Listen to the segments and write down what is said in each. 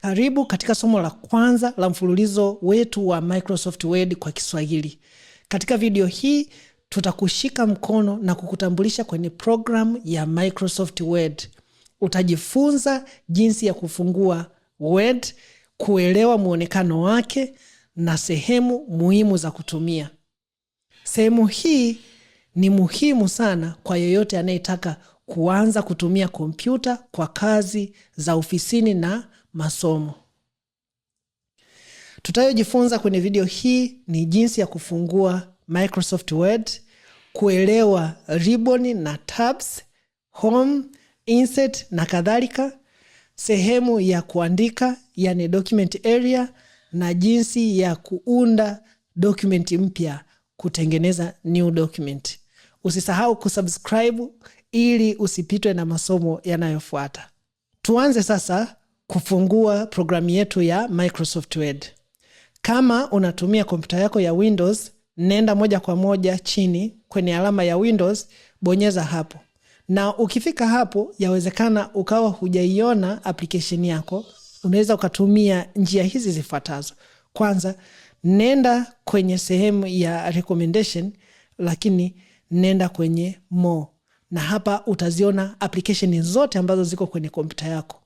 Karibu katika somo la kwanza la mfululizo wetu wa Microsoft Word kwa Kiswahili. Katika video hii tutakushika mkono na kukutambulisha kwenye programu ya Microsoft Word. Utajifunza jinsi ya kufungua Word, kuelewa mwonekano wake na sehemu muhimu za kutumia. Sehemu hii ni muhimu sana kwa yeyote anayetaka kuanza kutumia kompyuta kwa kazi za ofisini na masomo. Tutayojifunza kwenye video hii ni jinsi ya kufungua Microsoft Word, kuelewa ribbon na tabs, home, insert na kadhalika, sehemu ya kuandika yani document area, na jinsi ya kuunda document mpya, kutengeneza new document. Usisahau kusubscribe ili usipitwe na masomo yanayofuata. Tuanze sasa kufungua programu yetu ya Microsoft Word. Kama unatumia kompyuta yako ya Windows, nenda moja kwa moja chini kwenye alama ya Windows, bonyeza hapo, na ukifika hapo, yawezekana ukawa hujaiona application yako. Unaweza ukatumia njia hizi zifuatazo. Kwanza, nenda kwenye sehemu ya recommendation, lakini nenda kwenye more, na hapa utaziona application zote ambazo ziko kwenye kompyuta yako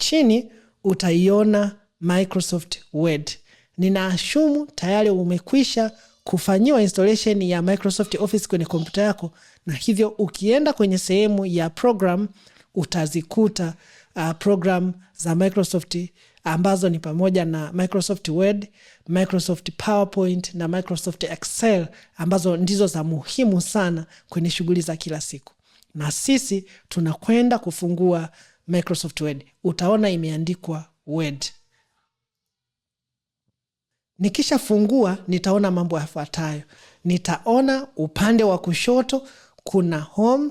chini utaiona Microsoft Word. Ninaashumu tayari umekwisha kufanyiwa installation ya Microsoft Office kwenye kompyuta yako, na hivyo ukienda kwenye sehemu ya program utazikuta uh, program za Microsoft ambazo ni pamoja na Microsoft Word, Microsoft PowerPoint na Microsoft Excel ambazo ndizo za muhimu sana kwenye shughuli za kila siku, na sisi tunakwenda kufungua Microsoft Word, utaona imeandikwa Word. Nikishafungua nitaona mambo yafuatayo. Nitaona upande wa kushoto kuna home,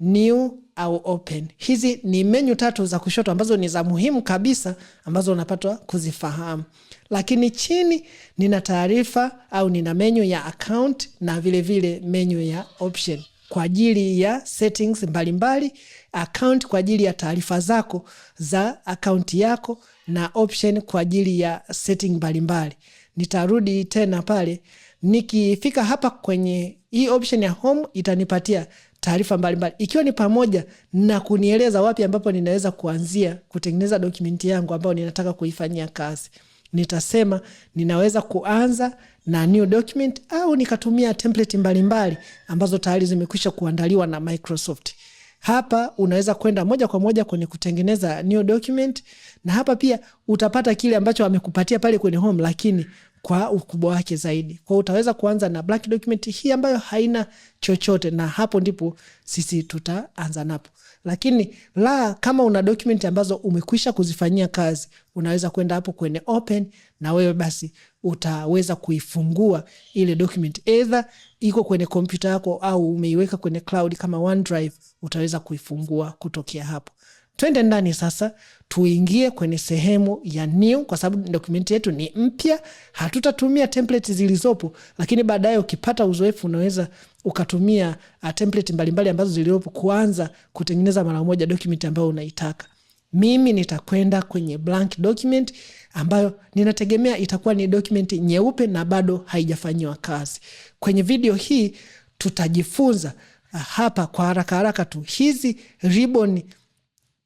new au open. Hizi ni menyu tatu za kushoto ambazo ni za muhimu kabisa ambazo unapatwa kuzifahamu, lakini chini nina taarifa au nina menyu ya account na vilevile vile menyu ya option kwa ajili ya settings mbalimbali mbali, account kwa ajili ya taarifa zako za akaunti yako na option kwa ajili ya setting mbalimbali. Nitarudi tena pale nikifika hapa kwenye hii option ya home itanipatia taarifa mbalimbali ikiwa ni pamoja na kunieleza wapi ambapo ninaweza kuanzia kutengeneza dokumenti yangu ambayo ninataka kuifanyia kazi nitasema ninaweza kuanza na new document au nikatumia template mbalimbali mbali, ambazo tayari zimekwisha kuandaliwa na Microsoft. Hapa unaweza kwenda moja kwa moja kwenye kutengeneza new document, na hapa pia utapata kile ambacho amekupatia pale kwenye home, lakini kwa ukubwa wake zaidi. Kwa utaweza kuanza na black document hii ambayo haina chochote, na hapo ndipo sisi tutaanza napo. Lakini la kama una document ambazo umekwisha kuzifanyia kazi, unaweza kwenda hapo kwenye open, na wewe basi utaweza kuifungua ile document, either iko kwenye kompyuta yako au umeiweka kwenye cloud kama OneDrive, utaweza kuifungua kutokea hapo. Twende ndani sasa, tuingie kwenye sehemu ya new, kwa sababu dokumenti yetu ni mpya, hatutatumia template zilizopo, lakini baadaye ukipata uzoefu unaweza ukatumia uh, template mbalimbali ambazo ziliopo kuanza kutengeneza mara moja dokumenti ambayo unaitaka. Mimi nitakwenda kwenye blank document ambayo ninategemea itakuwa ni document nyeupe na bado haijafanyiwa kazi. Kwenye video hii tutajifunza uh, hapa kwa haraka haraka tu hizi ribbon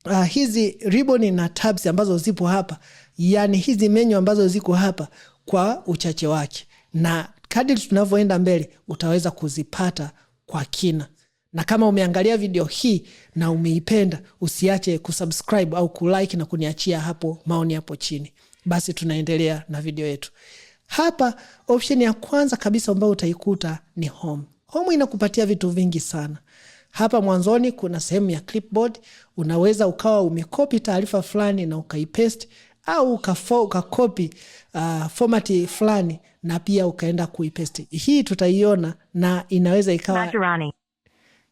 uh, hizi riboni na tabs ambazo zipo hapa, yani hizi menyu ambazo ziko hapa kwa uchache wake, na kadri tunavyoenda mbele utaweza kuzipata kwa kina. Na kama umeangalia video hii na umeipenda, usiache kusubscribe au kulike na kuniachia hapo maoni hapo chini. Basi tunaendelea na video yetu. Hapa option ya kwanza kabisa ambayo utaikuta ni home. Home inakupatia vitu vingi sana. Hapa mwanzoni kuna sehemu ya clipboard, unaweza ukawa umekopi taarifa fulani na ukaipaste au ukafo, ukakopi uh, fomati fulani na pia ukaenda kuipaste. Hii tutaiona na inaweza ikawa Majorani.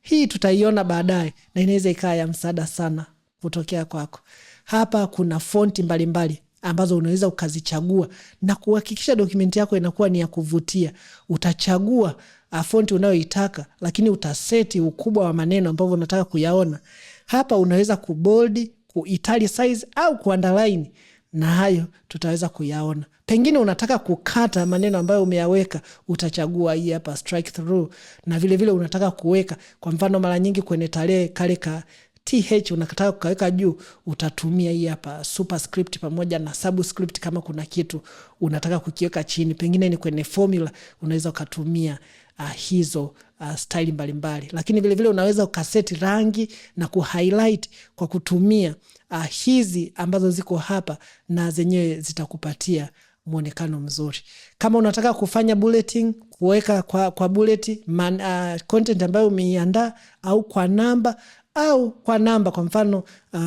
Hii tutaiona baadaye na inaweza ikawa ya msaada sana kutokea kwako. Hapa kuna fonti mbalimbali mbali ambazo unaweza ukazichagua na kuhakikisha dokumenti yako inakuwa ni ya kuvutia. Utachagua uh, fonti unayoitaka, lakini utaseti ukubwa wa maneno ambavyo unataka kuyaona hapa unaweza kubold, kuitalize au kuunderline na hayo tutaweza kuyaona. Pengine unataka kukata maneno ambayo umeyaweka, utachagua hii hapa strike through, na vile vile unataka kuweka, kwa mfano, mara nyingi kwenye tarehe kale ka th unataka kukaweka juu, utatumia hii hapa superscript pamoja na subscript. Kama kuna kitu unataka kukiweka chini, pengine ni kwenye formula, unaweza ukatumia uh, hizo uh, staili mbalimbali, lakini vilevile vile unaweza ukaseti rangi na kuhighlight kwa kutumia uh, hizi ambazo ziko hapa, na zenyewe zitakupatia mwonekano mzuri. Kama unataka kufanya bulleting, kuweka kwa, kwa bullet man, uh, content ambayo umeiandaa au kwa namba au kwa namba, kwa mfano uh,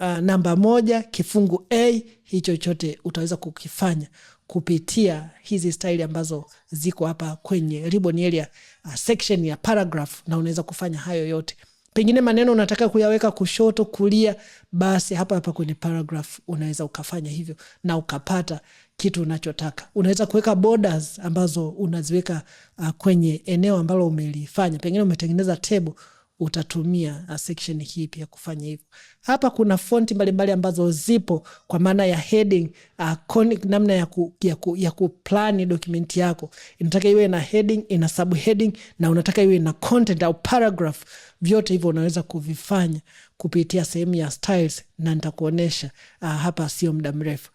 uh, namba moja kifungu A, hicho chote utaweza kukifanya kupitia hizi staili ambazo ziko hapa kwenye ribbon area uh, section ya paragraph, na unaweza kufanya hayo yote. Pengine maneno unataka kuyaweka kushoto, kulia, basi hapa hapa kwenye paragraph unaweza ukafanya hivyo na ukapata kitu unachotaka. Unaweza kuweka borders ambazo unaziweka uh, kwenye eneo ambalo umelifanya. Pengine umetengeneza table utatumia uh, section hii pia kufanya hivyo. Hapa kuna fonti mbalimbali ambazo zipo kwa maana ya heading, uh, conic, namna ya ku, ya ku, ya kuplani dokumenti yako. Inataka iwe na heading, ina subheading na unataka iwe na content au paragraph. Vyote hivyo unaweza kuvifanya kupitia sehemu ya styles na nitakuonyesha uh, hapa sio muda mrefu.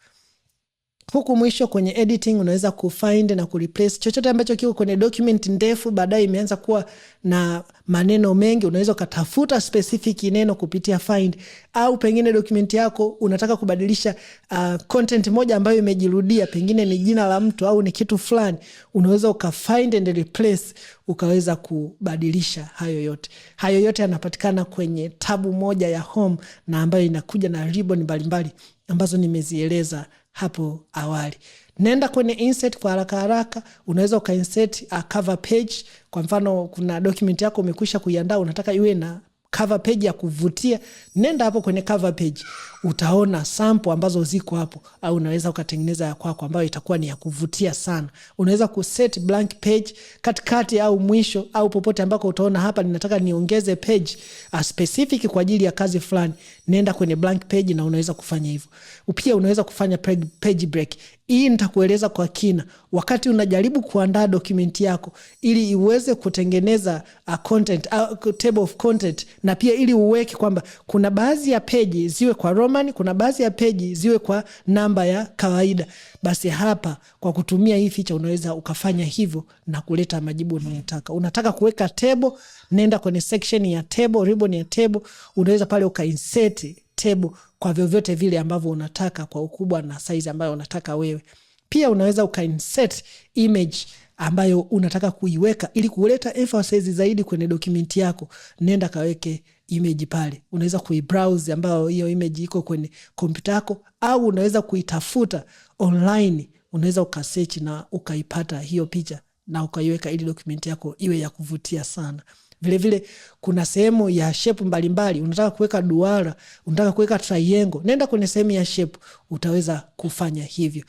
Huku mwisho kwenye editing unaweza kufind na kureplace chochote ambacho kiko kwenye document ndefu, baadaye imeanza kuwa na maneno mengi, unaweza ukatafuta specific neno kupitia find, au pengine document yako unataka kubadilisha uh, content moja ambayo imejirudia, pengine ni jina la mtu au ni kitu fulani, unaweza ukafind and replace, ukaweza kubadilisha hayo yote. Hayo yote yanapatikana kwenye tabu moja ya home na ambayo inakuja na ribbon mbalimbali ambazo nimezieleza hapo awali. Nenda kwenye insert kwa haraka haraka, unaweza ukainsert a cover page. Kwa mfano, kuna document yako umekwisha kuiandaa, unataka iwe na cover page ya kuvutia, nenda hapo kwenye cover page utaona sampo ambazo ziko hapo, au unaweza ukatengeneza ya kwako ambayo itakuwa ni ya kuvutia sana. Unaweza kuset blank page katikati au mwisho au popote ambako utaona hapa ninataka niongeze page a ah, specific kwa ajili ya kazi fulani, nenda kwenye blank page na unaweza kufanya hivyo. Pia unaweza kufanya page break. Hii nitakueleza kwa kina wakati unajaribu kuandaa document yako ili iweze kutengeneza a ah, content, a ah, table of content, na pia ili uweke kwamba kuna baadhi ya page ziwe kwa Roman, kuna baadhi ya peji ziwe kwa namba ya kawaida. Basi hapa kwa kutumia hii feature unaweza ukafanya hivyo na kuleta majibu unayotaka. Unataka kuweka table, nenda kwenye section ya table, ribbon ya table, unaweza pale ukainsert table kwa vyovyote vile ambavyo unataka kwa ukubwa na size ambayo unataka wewe. Pia unaweza ukainsert image ambayo unataka kuiweka ili kuleta emphasis zaidi kwenye dokumenti yako, nenda kaweke image pale. Unaweza kuibrowse ambayo hiyo image iko kwenye kompyuta yako, au unaweza kuitafuta online, unaweza ukasearch na ukaipata hiyo picha na ukaiweka ili dokumenti yako iwe ya kuvutia sana. Vilevile vile, kuna sehemu ya shape mbalimbali. Unataka kuweka duara, unataka kuweka triangle, nenda kwenye sehemu ya shape, utaweza kufanya hivyo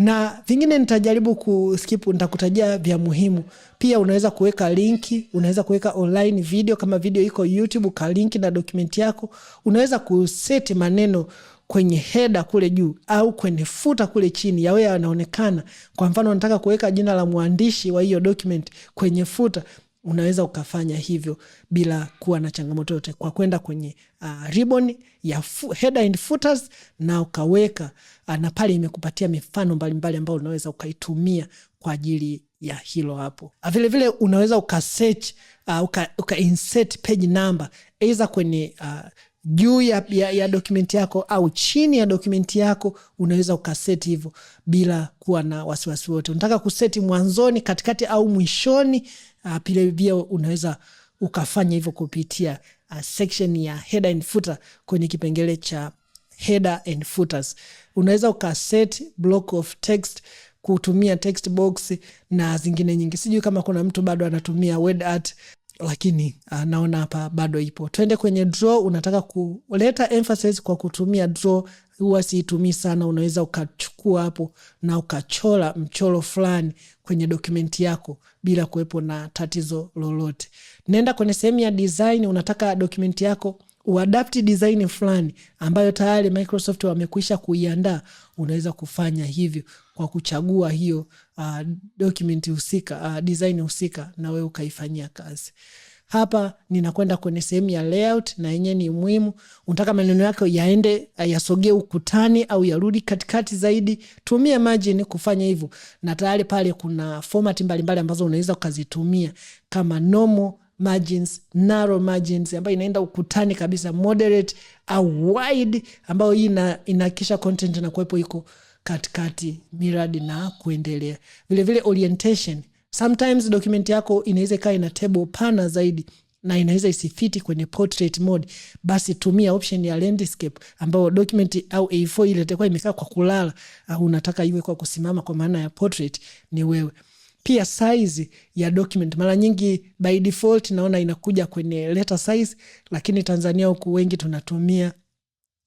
na vingine nitajaribu kuskip, ntakutajia vya muhimu. Pia unaweza kuweka linki, unaweza kuweka online video kama video iko YouTube ka linki na dokumenti yako. Unaweza kuseti maneno kwenye heda kule juu au kwenye futa kule chini yawe yanaonekana. Kwa mfano, nataka kuweka jina la mwandishi wa hiyo dokumenti kwenye futa unaweza ukafanya hivyo bila kuwa na changamoto yote kwa kwenda kwenye uh, ribbon ya header and footers na ukaweka uh, na pale imekupatia mifano mbalimbali ambayo unaweza ukaitumia kwa ajili ya hilo hapo. Vilevile ah, unaweza ukasearch uh, uka, uka insert page number aidha kwenye uh, juu ya, ya, ya dokumenti yako au chini ya dokumenti yako, unaweza ukaseti hivyo bila kuwa na wasiwasi wote. Unataka kuseti mwanzoni, katikati au mwishoni Ah, Pile pia unaweza ukafanya hivyo kupitia uh, section ya header and footer kwenye kipengele cha header and footers. Unaweza ukaset block of text kutumia text box na zingine nyingi. Sijui kama kuna mtu bado anatumia word art lakini uh, naona hapa bado ipo. Twende kwenye draw. Unataka kuleta emphasis kwa kutumia draw huwa siitumii sana. Unaweza ukachukua hapo na ukachola mchoro fulani kwenye dokumenti yako bila kuwepo na tatizo lolote. Nenda kwenye sehemu ya design, unataka dokumenti yako uadapti design fulani ambayo tayari Microsoft wamekwisha kuiandaa. Unaweza kufanya hivyo kwa kuchagua hiyo uh, dokumenti husika uh, design husika na wewe ukaifanyia kazi hapa ninakwenda kwenye sehemu ya layout, na yenyewe ni muhimu. Unataka maneno yako yaende yasogee ukutani au yarudi katikati zaidi, tumia margin kufanya hivyo, na tayari pale kuna format mbalimbali ambazo unaweza ukazitumia kama normal margins, narrow margins ambayo inaenda ukutani kabisa, moderate au wide, ambayo hii ina inahakikisha content na inakuwepo iko katikati miradi na kuendelea. Vilevile orientation Sometimes document yako inaweza ikawa ina table pana zaidi na inaweza isifiti kwenye portrait mode, basi tumia option ya landscape, ambayo document au A4 ile itakuwa imekaa kwa kulala au unataka iwe kwa kusimama, kwa maana ya portrait ni wewe. Pia size ya document mara nyingi by default naona inakuja kwenye letter size, lakini Tanzania huku wengi tunatumia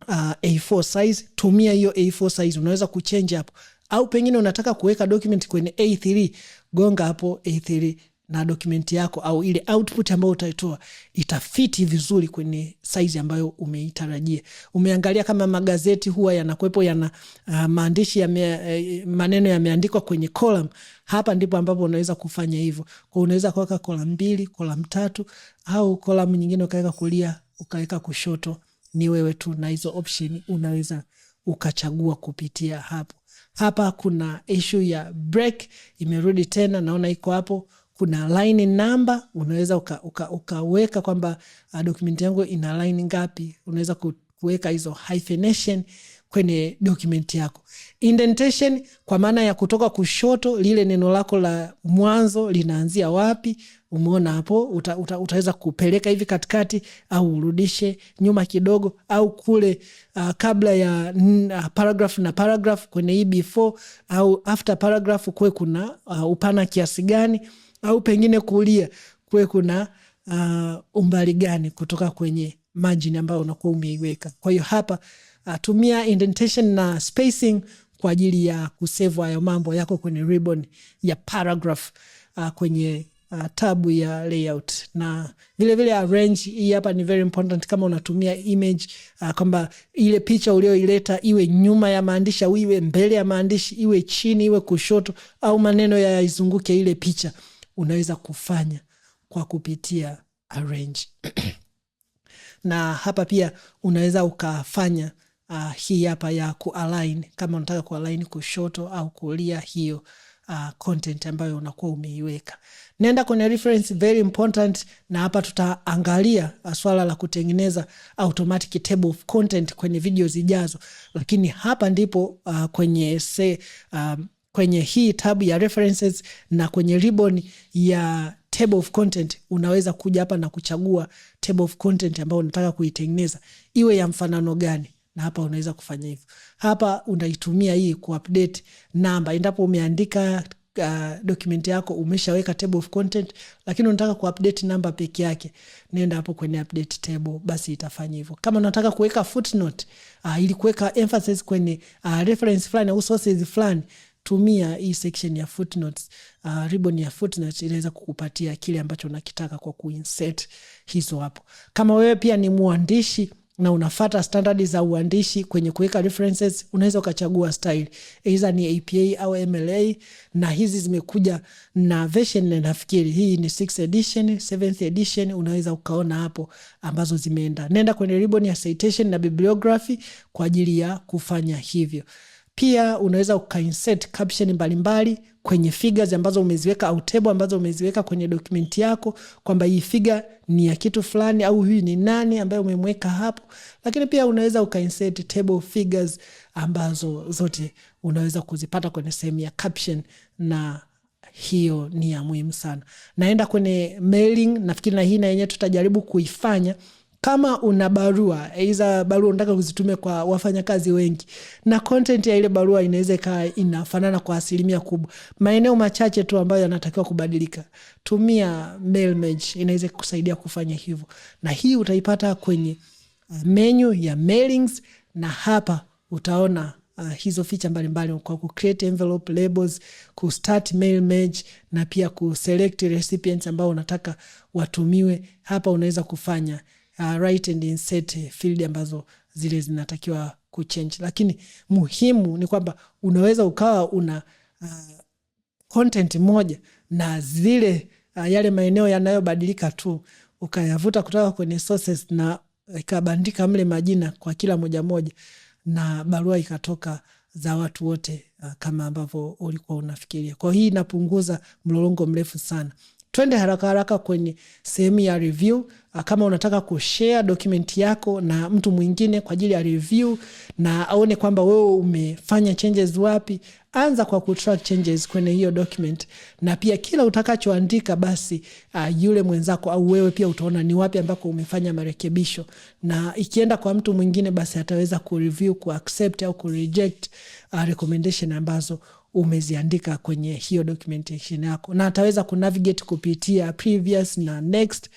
uh, A4 size. Tumia hiyo A4 size, unaweza kuchange hapo, au pengine unataka kuweka document kwenye A3 gonga hapo A3 na dokumenti yako au ile output ambayo utaitoa itafiti vizuri kwenye saizi ambayo umeitarajia. Umeangalia kama magazeti huwa yanakuepo yana uh, maandishi ya uh, eh, maneno yameandikwa kwenye column. Hapa ndipo ambapo unaweza kufanya hivyo. Kwa unaweza kuweka column mbili, column tatu au column nyingine ukaweka kulia, ukaweka kushoto. Ni wewe tu na hizo option unaweza ukachagua kupitia hapo. Hapa kuna ishu ya break imerudi tena, naona iko hapo. Kuna line namba unaweza uka, uka, ukaweka kwamba ah, dokumenti yangu ina line ngapi, unaweza kuweka hizo hyphenation kwenye dokumenti yako. Indentation kwa maana ya kutoka kushoto, lile neno lako la mwanzo linaanzia wapi? Umeona hapo, uta, uta, utaweza kupeleka hivi katikati au urudishe nyuma kidogo, au kule uh, kabla ya uh, paragraph na paragraph kwenye hii before au after paragraph kuwe kuna uh, upana kiasi gani, au pengine kulia kuwe kuna uh, umbali gani kutoka kwenye margin ambayo unakuwa umeiweka. Kwa hiyo hapa uh, tumia indentation na spacing kwa ajili ya kusevu hayo mambo yako kwenye ribbon ya paragraph uh, kwenye uh, ah, tabu ya layout na vilevile arrange. Hii hapa ni very important kama unatumia image uh, kwamba ile picha ulioileta iwe nyuma ya maandishi au iwe mbele ya maandishi, iwe chini, iwe kushoto, au maneno yaizunguke ile picha, unaweza kufanya kwa kupitia arrange na hapa pia unaweza ukafanya uh, hii hapa ya kualign kama unataka kualign kushoto au kulia hiyo uh, content ambayo unakuwa umeiweka. Nenda kwenye reference very important, na hapa tutaangalia ah, swala la kutengeneza automatic table of content kwenye video zijazo, lakini hapa ndipo uh, kwenye se, um, kwenye hii tab ya references na kwenye ribbon ya table of content unaweza kuja hapa na kuchagua table of content ambayo unataka kuitengeneza iwe ya mfanano gani na hapa unaweza kufanya hivyo. Hapa unaitumia hii kuupdate namba endapo umeandika uh, dokumenti yako umeshaweka table of content, lakini unataka kuupdate namba peke yake, nenda hapo kwenye update table, basi itafanya hivyo. Kama unataka kuweka footnote uh, ili kuweka emphasis kwenye uh, reference fulani au sources fulani tumia hii section ya footnotes, uh, ribbon ya footnotes inaweza kukupatia kile ambacho unakitaka kwa kuinsert hizo hapo. Kama wewe pia ni mwandishi na unafata standardi za uandishi kwenye kuweka references, unaweza ukachagua style aidha ni APA au MLA, na hizi zimekuja na version, nafikiri hii ni 6th edition, 7th edition, unaweza ukaona hapo ambazo zimeenda. Nenda kwenye ribbon ya citation na bibliography kwa ajili ya kufanya hivyo. Pia unaweza ukainsert caption mbalimbali kwenye figures ambazo umeziweka au table ambazo umeziweka kwenye dokumenti yako, kwamba hii figure ni ya kitu fulani au hii ni nani ambayo umemweka hapo. Lakini pia unaweza ukainsert table figures ambazo zote unaweza kuzipata kwenye sehemu ya caption, na hiyo ni ya muhimu sana. Naenda kwenye mailing, nafikiri na hii na yenyewe tutajaribu kuifanya kama una barua iza barua unataka kuzitumia kwa wafanyakazi wengi, na content ya ile barua inaweza ikawa inafanana kwa asilimia kubwa. Maeneo machache tu ambayo yanatakiwa kubadilika, tumia mail merge, inaweza kusaidia kufanya hivyo, na hii utaipata kwenye uh, menu ya mailings, na hapa utaona Uh, hizo feature mbalimbali kwa ku create envelope labels, ku start mail merge na pia ku select recipients ambao unataka watumiwe. Hapa unaweza kufanya uh, right and inset field ambazo zile zinatakiwa kuchange, lakini muhimu ni kwamba unaweza ukawa una uh, content moja na zile uh, yale maeneo yanayobadilika tu ukayavuta kutoka kwenye sources na ikabandika mle majina kwa kila moja moja na barua ikatoka za watu wote uh, kama ambavyo ulikuwa unafikiria. Kwa hii inapunguza mlolongo mrefu sana. Twende haraka haraka kwenye sehemu ya review. Ah, kama unataka kushare document yako na mtu mwingine kwa ajili ya review na aone kwamba wewe umefanya changes wapi, anza kwa kutrack changes kwenye hiyo document, na pia kila utakachoandika basi, uh, yule mwenzako au wewe pia utaona ni wapi ambako umefanya marekebisho, na ikienda kwa mtu mwingine basi ataweza kureview, kuaccept au kureject uh, ah, recommendation ambazo umeziandika kwenye hiyo documentation yako, na ataweza kunavigate kupitia previous na next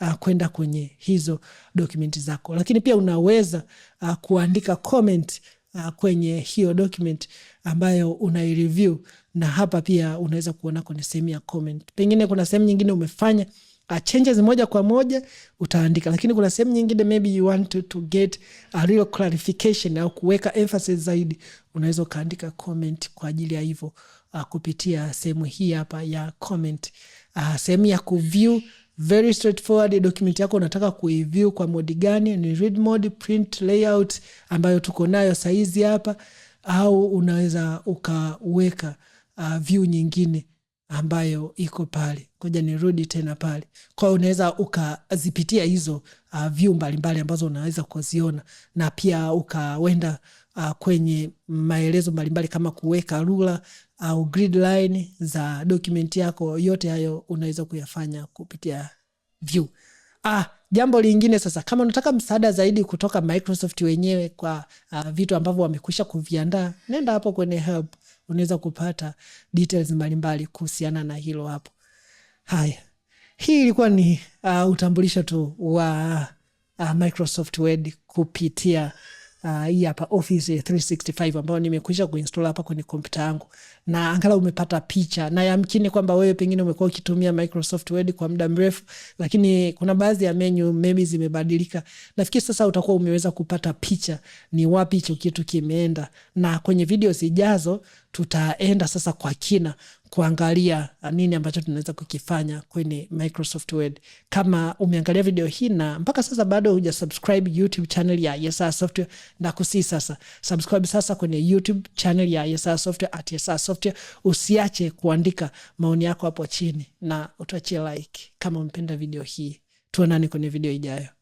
uh, kwenda kwenye hizo dokumenti zako, lakini pia unaweza uh, kuandika comment uh, kwenye hiyo document ambayo unaireview, na hapa pia unaweza kuona kwenye sehemu ya comment. Pengine kuna sehemu nyingine umefanya a uh, changes moja kwa moja utaandika, lakini kuna sehemu nyingine maybe you want to, to get a real clarification au kuweka emphasis zaidi, unaweza ukaandika comment kwa ajili ya hivyo uh, kupitia sehemu hii hapa ya comment uh, sehemu ya kuview very straightforward. Document yako unataka kuiview kwa modi gani? Ni read mode, print layout ambayo tuko nayo saizi hapa, au unaweza ukaweka uh, view nyingine ambayo iko pale. Ngoja nirudi tena pale. Kwa hiyo unaweza ukazipitia hizo uh, view mbalimbali ambazo unaweza kuziona na pia ukawenda uh, kwenye maelezo mbalimbali kama kuweka rula au uh, grid line za dokumenti yako. Yote hayo unaweza kuyafanya kupitia view. Ah, jambo lingine sasa, kama unataka msaada zaidi kutoka Microsoft wenyewe kwa uh, vitu ambavyo wamekwisha kuviandaa, nenda hapo kwenye help unaweza kupata details mbalimbali kuhusiana na hilo hapo. Haya, hii ilikuwa ni uh, utambulisho tu wa uh, Microsoft Word kupitia uh, hii hapa Office 365 ambayo nimekwisha kuinstall hapa kwenye kompyuta yangu na angalau umepata picha na yamkini kwamba wewe pengine umekuwa ukitumia Microsoft Word kwa muda mrefu, lakini kuna baadhi ya menu maybe zimebadilika. Nafikiri sasa utakuwa umeweza kupata picha ni wapi hicho kitu kimeenda, na kwenye video zijazo tutaenda sasa kwa kina kuangalia nini ambacho tunaweza kukifanya kwenye Microsoft Word. Kama umeangalia video hii na mpaka sasa bado hujasubscribe YouTube channel ya Yesaya Software, na kusii sasa subscribe sasa kwenye YouTube channel ya Yesaya Software at Yesaya Software Software. Usiache kuandika maoni yako hapo chini na utuachie like kama umpenda video hii. Tuonani kwenye video ijayo.